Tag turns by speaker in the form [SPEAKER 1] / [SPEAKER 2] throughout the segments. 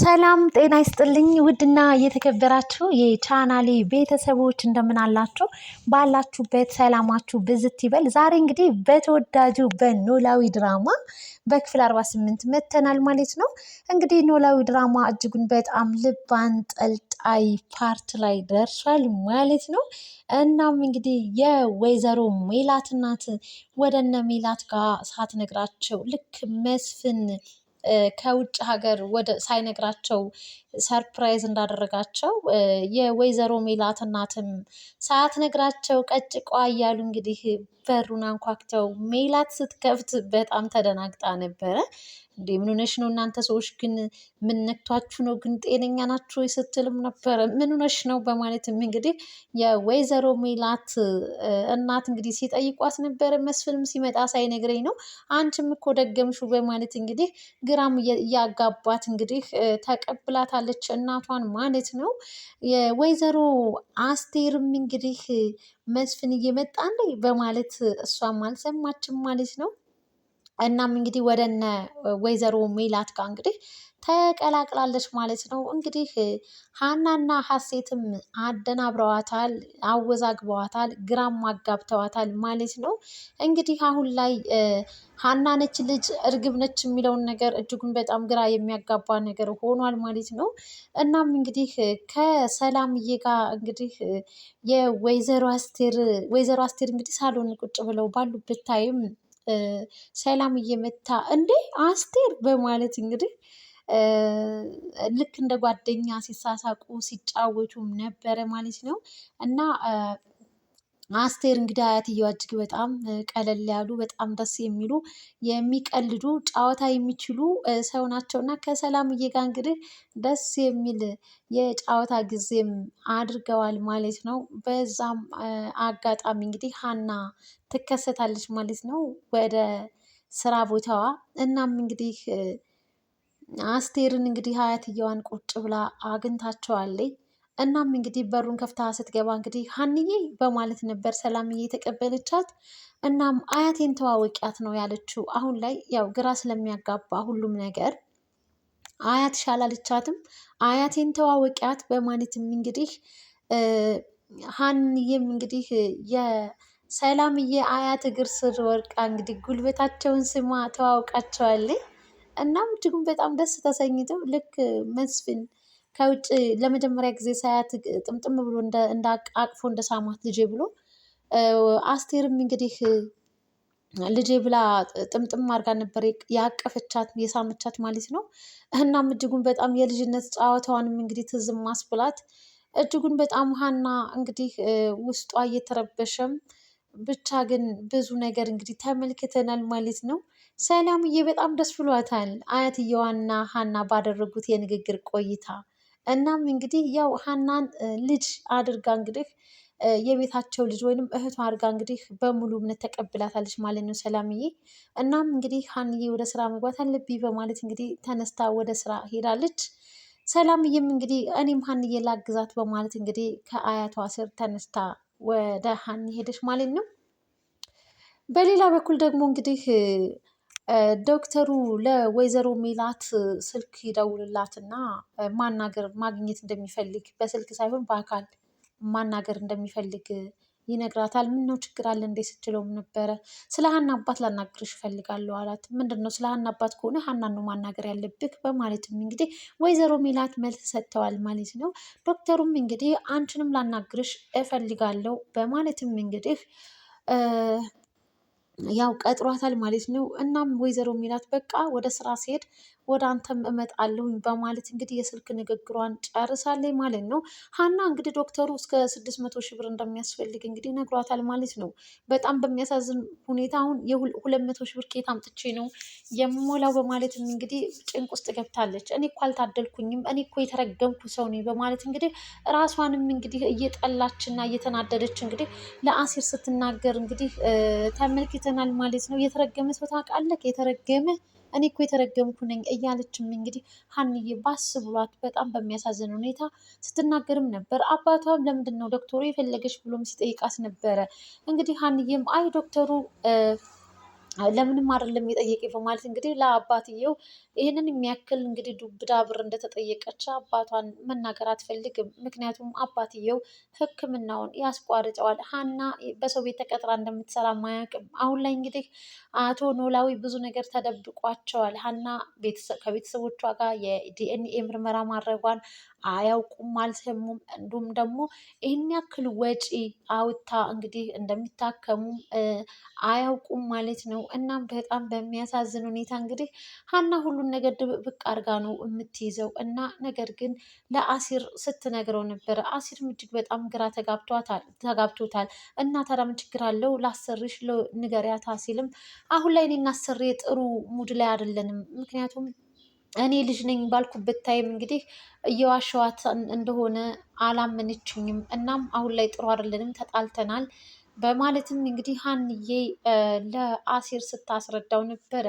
[SPEAKER 1] ሰላም ጤና ይስጥልኝ። ውድና እየተከበራችሁ የቻናሌ ቤተሰቦች እንደምን አላችሁ? ባላችሁበት ሰላማችሁ ብዝት ይበል። ዛሬ እንግዲህ በተወዳጁ በኖላዊ ድራማ በክፍል 48 መተናል ማለት ነው። እንግዲህ ኖላዊ ድራማ እጅጉን በጣም ልብ አንጠልጣይ ፓርት ላይ ደርሷል ማለት ነው። እናም እንግዲህ የወይዘሮ ሜላት እናት ወደነ ሜላት ጋር ሳትነግራቸው ልክ መስፍን ከውጭ ሀገር ወደ ሳይነግራቸው ሰርፕራይዝ እንዳደረጋቸው የወይዘሮ ሜላት እናትም ነግራቸው ቀጭቋ እያሉ እንግዲህ በሩን አንኳክተው ሜላት ስትከፍት በጣም ተደናግጣ ነበረ። እንዴ ምን ሆነሽ ነው እናንተ ሰዎች ግን ምን ነክቷችሁ ነው ግን ጤነኛ ናችሁ ስትልም ነበረ። ምን ሆነሽ ነው በማለትም እንግዲህ የወይዘሮ ሜላት እናት እንግዲህ ሲጠይቋት ነበረ። መስፍንም ሲመጣ ሳይነግረኝ ነው አንቺም እኮ ደገምሹ በማለት እንግዲህ ግራም እያጋባት እንግዲህ ተቀብላታለች እናቷን ማለት ነው። የወይዘሮ አስቴርም እንግዲህ መስፍን እየመጣ በማለት እሷም አልሰማችም ማለት ነው። እናም እንግዲህ ወደነ ወይዘሮ ሜላት ጋር እንግዲህ ተቀላቅላለች ማለት ነው። እንግዲህ ሀናና ሀሴትም አደናብረዋታል፣ አወዛግበዋታል፣ ግራም አጋብተዋታል ማለት ነው። እንግዲህ አሁን ላይ ሀና ነች ልጅ እርግብ ነች የሚለውን ነገር እጅጉን በጣም ግራ የሚያጋባ ነገር ሆኗል ማለት ነው። እናም እንግዲህ ከሰላምዬ ጋር እንግዲህ የወይዘሮ አስቴር ወይዘሮ አስቴር እንግዲህ ሳሎን ቁጭ ብለው ባሉበት ታይም ሰላም እየመታ እንዴ አስቴር በማለት እንግዲህ ልክ እንደ ጓደኛ ሲሳሳቁ ሲጫወቱም ነበረ ማለት ነው እና አስቴር እንግዲህ አያትየዋ እጅግ በጣም ቀለል ያሉ በጣም ደስ የሚሉ የሚቀልዱ ጨዋታ የሚችሉ ሰው ናቸው እና ከሰላምዬ ጋር እንግዲህ ደስ የሚል የጨዋታ ጊዜም አድርገዋል ማለት ነው። በዛም አጋጣሚ እንግዲህ ሀና ትከሰታለች ማለት ነው ወደ ስራ ቦታዋ። እናም እንግዲህ አስቴርን እንግዲህ አያትየዋን ቁጭ ብላ አግኝታቸዋለች። እናም እንግዲህ በሩን ከፍታ ስትገባ እንግዲህ ሀንዬ በማለት ነበር ሰላምዬ የተቀበለቻት። እናም አያቴን ተዋወቂያት ነው ያለችው። አሁን ላይ ያው ግራ ስለሚያጋባ ሁሉም ነገር አያት ሻላልቻትም አያቴን ተዋወቂያት በማለትም እንግዲህ ሀንዬም እንግዲህ የሰላምዬ አያት እግር ስር ወርቃ እንግዲህ ጉልበታቸውን ስማ ተዋውቃቸዋለች። እናም እጅጉም በጣም ደስ ተሰኝተው ልክ መስፍን ከውጭ ለመጀመሪያ ጊዜ ሳያት ጥምጥም ብሎ አቅፎ እንደ ሳማት ልጄ ብሎ አስቴርም እንግዲህ ልጄ ብላ ጥምጥም አድርጋ ነበር ያቀፈቻት የሳመቻት ማለት ነው። እናም እጅጉን በጣም የልጅነት ጨዋታዋንም እንግዲህ ትዝም ማስብላት እጅጉን በጣም ውሃና እንግዲህ ውስጧ እየተረበሸም ብቻ ግን ብዙ ነገር እንግዲህ ተመልክተናል ማለት ነው። ሰላምዬ በጣም ደስ ብሏታል አያትየዋና ሀና ባደረጉት የንግግር ቆይታ እናም እንግዲህ ያው ሀናን ልጅ አድርጋ እንግዲህ የቤታቸው ልጅ ወይንም እህቷ አድርጋ እንግዲህ በሙሉ እምነት ተቀብላታለች ማለት ነው ሰላምዬ። እናም እንግዲህ ሀንዬ ወደ ስራ መግባት አለብኝ በማለት እንግዲህ ተነስታ ወደ ስራ ሄዳለች። ሰላምዬም እንግዲህ እኔም ሀንዬ ላግዛት በማለት እንግዲህ ከአያቷ ስር ተነስታ ወደ ሀን ሄደች ማለት ነው። በሌላ በኩል ደግሞ እንግዲህ ዶክተሩ ለወይዘሮ ሜላት ስልክ ይደውልላትና ማናገር ማግኘት እንደሚፈልግ በስልክ ሳይሆን በአካል ማናገር እንደሚፈልግ ይነግራታል። ነው ችግር አለ እንዴ ስትለውም ነበረ። ስለ ሀና አባት ላናግርሽ እፈልጋለሁ አላት። ምንድን ነው ስለ ሀና አባት ከሆነ ሀናን ነው ማናገር ያለብህ በማለትም እንግዲህ ወይዘሮ ሜላት መልስ ሰጥተዋል ማለት ነው። ዶክተሩም እንግዲህ አንቺንም ላናግርሽ እፈልጋለሁ በማለትም እንግዲህ ያው ቀጥሯታል ማለት ነው። እናም ወይዘሮ ሚላት በቃ ወደ ስራ ሲሄድ ወደ አንተም እመጣለሁኝ በማለት እንግዲህ የስልክ ንግግሯን ጨርሳለች ማለት ነው። ሀና እንግዲህ ዶክተሩ እስከ ስድስት መቶ ሺህ ብር እንደሚያስፈልግ እንግዲህ ነግሯታል ማለት ነው። በጣም በሚያሳዝን ሁኔታ አሁን የሁለት መቶ ሺህ ብር ከየት አምጥቼ ነው የምሞላው በማለትም እንግዲህ ጭንቅ ውስጥ ገብታለች። እኔ እኮ አልታደልኩኝም፣ እኔ እኮ የተረገምኩ ሰው ነኝ በማለት እንግዲህ ራሷንም እንግዲህ እየጠላችና እየተናደደች እንግዲህ ለአሲር ስትናገር እንግዲህ ተመልክተናል ማለት ነው። የተረገመ ሰው ታውቃለህ? የተረገመ እኔ እኮ የተረገምኩ ነኝ እያለችም እንግዲህ ሀንዬ ባስ ብሏት በጣም በሚያሳዝን ሁኔታ ስትናገርም ነበር። አባቷም ለምንድን ነው ዶክተሩ የፈለገች ብሎም ሲጠይቃት ነበረ። እንግዲህ ሀንዬም አይ ዶክተሩ ለምንም አይደለም የጠየቀኝ በማለት እንግዲህ ለአባትየው ይህንን የሚያክል እንግዲህ ዱብዳ ብር እንደተጠየቀች አባቷን መናገር አትፈልግም። ምክንያቱም አባትየው ሕክምናውን ያስቋርጠዋል። ሀና በሰው ቤት ተቀጥራ እንደምትሰራ ማያውቅም። አሁን ላይ እንግዲህ አቶ ኖላዊ ብዙ ነገር ተደብቋቸዋል። ሀና ከቤተሰቦቿ ጋር የዲኤንኤ ምርመራ ማድረጓን አያውቁም አልሰሙም። እንዲሁም ደግሞ ይህን ያክል ወጪ አውታ እንግዲህ እንደሚታከሙ አያውቁም ማለት ነው። እናም በጣም በሚያሳዝን ሁኔታ እንግዲህ ሀና ሁሉን ነገር ድብብቅ አርጋ ነው የምትይዘው እና ነገር ግን ለአሲር ስትነግረው ነበረ። አሲርም እጅግ በጣም ግራ ተጋብቶታል። እና ታዲያ ምን ችግር አለው ላሰሪሽ ንገሪያታ ሲልም አሁን ላይ እኔ እናሰሬ ጥሩ ሙድ ላይ አይደለንም ምክንያቱም እኔ ልጅ ነኝ ባልኩበት ታይም እንግዲህ እየዋሸዋት እንደሆነ አላመነችኝም። እናም አሁን ላይ ጥሩ አይደለንም፣ ተጣልተናል በማለትም እንግዲህ ሀንዬ ለአሲር ስታስረዳው ነበረ።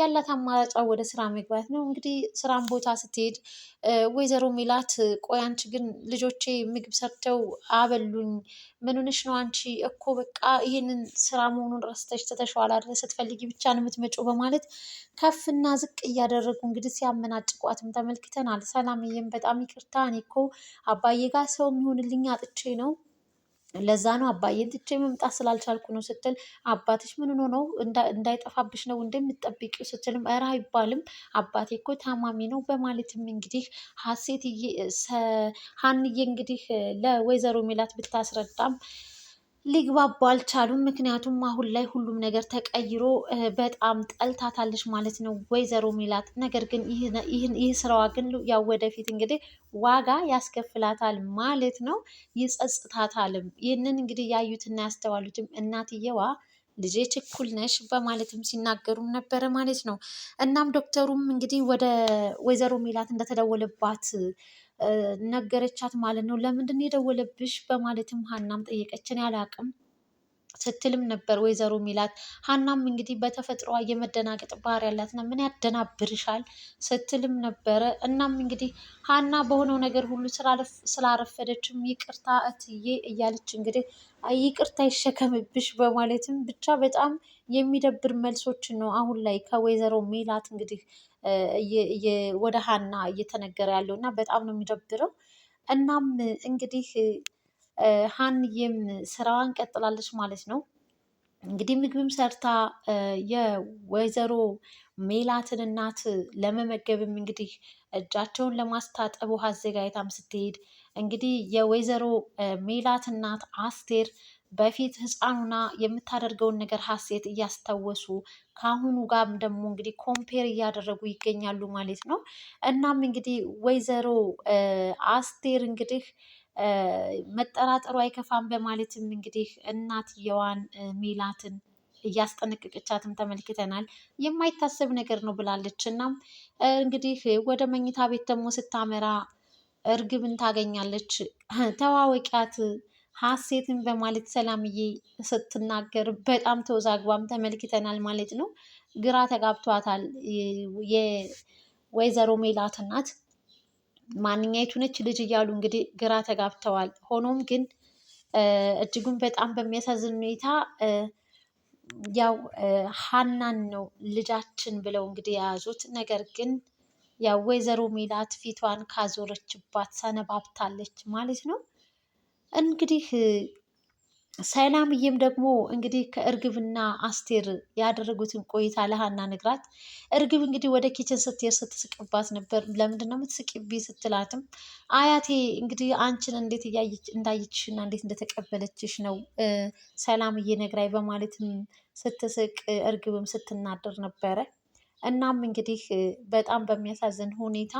[SPEAKER 1] ያላት አማራጫ ወደ ስራ መግባት ነው። እንግዲህ ስራን ቦታ ስትሄድ ወይዘሮ ሚላት ቆይ አንቺ ግን ልጆቼ ምግብ ሰርተው አበሉኝ፣ ምን ሆነሽ ነው አንቺ? እኮ በቃ ይህንን ስራ መሆኑን ረስተሽ ትተሽዋል አይደል? ስትፈልጊ ብቻ ነው የምትመጪው በማለት ከፍና ዝቅ እያደረጉ እንግዲህ ሲያመናጭቋትም ተመልክተናል። ሰላምዬም በጣም ይቅርታ እኔ እኮ አባዬ ጋር ሰው የሚሆንልኝ አጥቼ ነው ለዛ ነው አባዬን ትቼ መምጣት ስላልቻልኩ ነው ስትል፣ አባትሽ ምን ሆኖ ነው እንዳይጠፋብሽ ነው እንደምትጠብቂው ስትልም፣ ኧረ አይባልም አባቴ እኮ ታማሚ ነው በማለትም እንግዲህ ሀሴት ሀንዬ እንግዲህ ለወይዘሮ ሜላት ብታስረዳም ሊግባቡ አልቻሉም። ምክንያቱም አሁን ላይ ሁሉም ነገር ተቀይሮ በጣም ጠልታታለች ማለት ነው ወይዘሮ ሜላት። ነገር ግን ይህ ስራዋ ግን ያው ወደፊት እንግዲህ ዋጋ ያስከፍላታል ማለት ነው፣ ይጸጽታታልም። ይህንን እንግዲህ ያዩትና ያስተዋሉትም እናትየዋ ልጄ ችኩል ነሽ በማለትም ሲናገሩም ነበረ ማለት ነው። እናም ዶክተሩም እንግዲህ ወደ ወይዘሮ ሜላት እንደተደወለባት ነገረቻት ማለት ነው። ለምንድን የደወለብሽ በማለትም ሀናም ጠየቀችን ያላቅም ስትልም ነበር ወይዘሮ ሚላት። ሀናም እንግዲህ በተፈጥሯ የመደናገጥ ባህሪ ነው። ምን ያደናብርሻል ስትልም ነበረ። እናም እንግዲህ ሀና በሆነው ነገር ሁሉ ስላረፈደችም ይቅርታ እትዬ እያለች እንግዲህ ይቅርታ ይሸከምብሽ በማለትም ብቻ በጣም የሚደብር መልሶችን ነው አሁን ላይ ከወይዘሮ ሚላት እንግዲህ ወደ ሀና እየተነገረ ያለው እና በጣም ነው የሚደብረው። እናም እንግዲህ ሀንዬም ስራዋን ቀጥላለች ማለት ነው። እንግዲህ ምግብም ሰርታ የወይዘሮ ሜላትን እናት ለመመገብም እንግዲህ እጃቸውን ለማስታጠብ ውሃ አዘጋጅታም ስትሄድ እንግዲህ የወይዘሮ ሜላት እናት አስቴር በፊት ህፃኑና የምታደርገውን ነገር ሀሴት እያስታወሱ ከአሁኑ ጋር ደግሞ እንግዲህ ኮምፔር እያደረጉ ይገኛሉ ማለት ነው። እናም እንግዲህ ወይዘሮ አስቴር እንግዲህ መጠራጠሩ አይከፋም በማለትም እንግዲህ እናትየዋን ሜላትን እያስጠነቀቀቻትም ተመልክተናል። የማይታሰብ ነገር ነው ብላለች። እናም እንግዲህ ወደ መኝታ ቤት ደግሞ ስታመራ እርግብን ታገኛለች። ተዋወቂያት ሀሴትን በማለት ሰላምዬ ስትናገር በጣም ተወዛግባም ተመልክተናል ማለት ነው። ግራ ተጋብቷታል። የወይዘሮ ሜላት እናት ማንኛይቱ ነች ልጅ እያሉ እንግዲህ ግራ ተጋብተዋል። ሆኖም ግን እጅጉን በጣም በሚያሳዝን ሁኔታ ያው ሀናን ነው ልጃችን ብለው እንግዲህ የያዙት። ነገር ግን ያው ወይዘሮ ሜላት ፊቷን ካዞረችባት ሰነባብታለች ማለት ነው። እንግዲህ ሰላምዬም ደግሞ እንግዲህ ከእርግብና አስቴር ያደረጉትን ቆይታ ለሀና ነግራት፣ እርግብ እንግዲህ ወደ ኪችን ስትሄድ ስትስቅባት ነበር። ለምንድን ነው የምትስቅብኝ ስትላትም አያቴ እንግዲህ አንቺን እንዴት እንዳየችሽ እንዴት እንደተቀበለችሽ ነው ሰላምዬ ነግራይ በማለትም ስትስቅ፣ እርግብም ስትናደር ነበረ። እናም እንግዲህ በጣም በሚያሳዝን ሁኔታ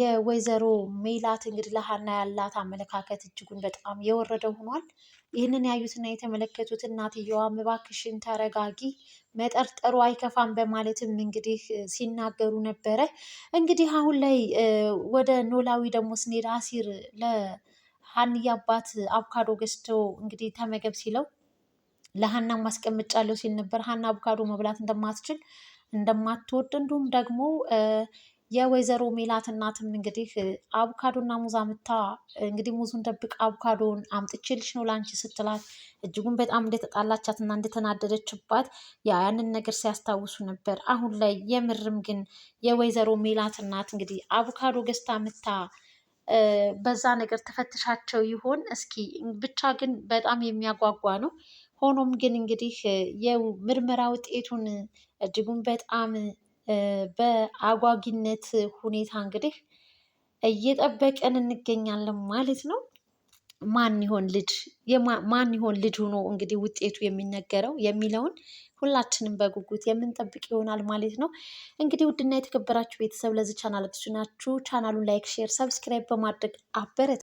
[SPEAKER 1] የወይዘሮ ሜላት እንግዲህ ለሀና ያላት አመለካከት እጅጉን በጣም የወረደ ሆኗል። ይህንን ያዩትና የተመለከቱት እናትየዋ እባክሽን ተረጋጊ፣ መጠርጠሩ አይከፋም በማለትም እንግዲህ ሲናገሩ ነበረ። እንግዲህ አሁን ላይ ወደ ኖላዊ ደግሞ ስንሄድ አሲር ለሀንዬ አባት አቮካዶ ገዝቶ እንግዲህ ተመገብ ሲለው ለሀና ማስቀምጫለሁ ሲል ነበር። ሀና አቮካዶ መብላት እንደማትችል እንደማትወድ እንዲሁም ደግሞ የወይዘሮ ሜላት እናትም እንግዲህ አቮካዶና ሙዝ አምታ እንግዲህ ሙዙን ደብቅ አቮካዶውን አምጥቼልሽ ነው ላንቺ ስትላት እጅጉን በጣም እንደተጣላቻትና እንደተናደደችባት ያንን ነገር ሲያስታውሱ ነበር። አሁን ላይ የምርም ግን የወይዘሮ ሜላት እናት እንግዲህ አቮካዶ ገዝታ ምታ በዛ ነገር ተፈትሻቸው ይሆን? እስኪ ብቻ ግን በጣም የሚያጓጓ ነው። ሆኖም ግን እንግዲህ የምርመራ ውጤቱን እጅጉን በጣም በአጓጊነት ሁኔታ እንግዲህ እየጠበቀን እንገኛለን ማለት ነው። ማን ይሆን ልጅ ማን ይሆን ልጅ ሆኖ እንግዲህ ውጤቱ የሚነገረው የሚለውን ሁላችንም በጉጉት የምንጠብቅ ይሆናል ማለት ነው። እንግዲህ ውድና የተከበራችሁ ቤተሰብ ለዚህ ቻናል አዲስ ናችሁ፣ ቻናሉን ላይክ፣ ሼር፣ ሰብስክራይብ በማድረግ አበረታ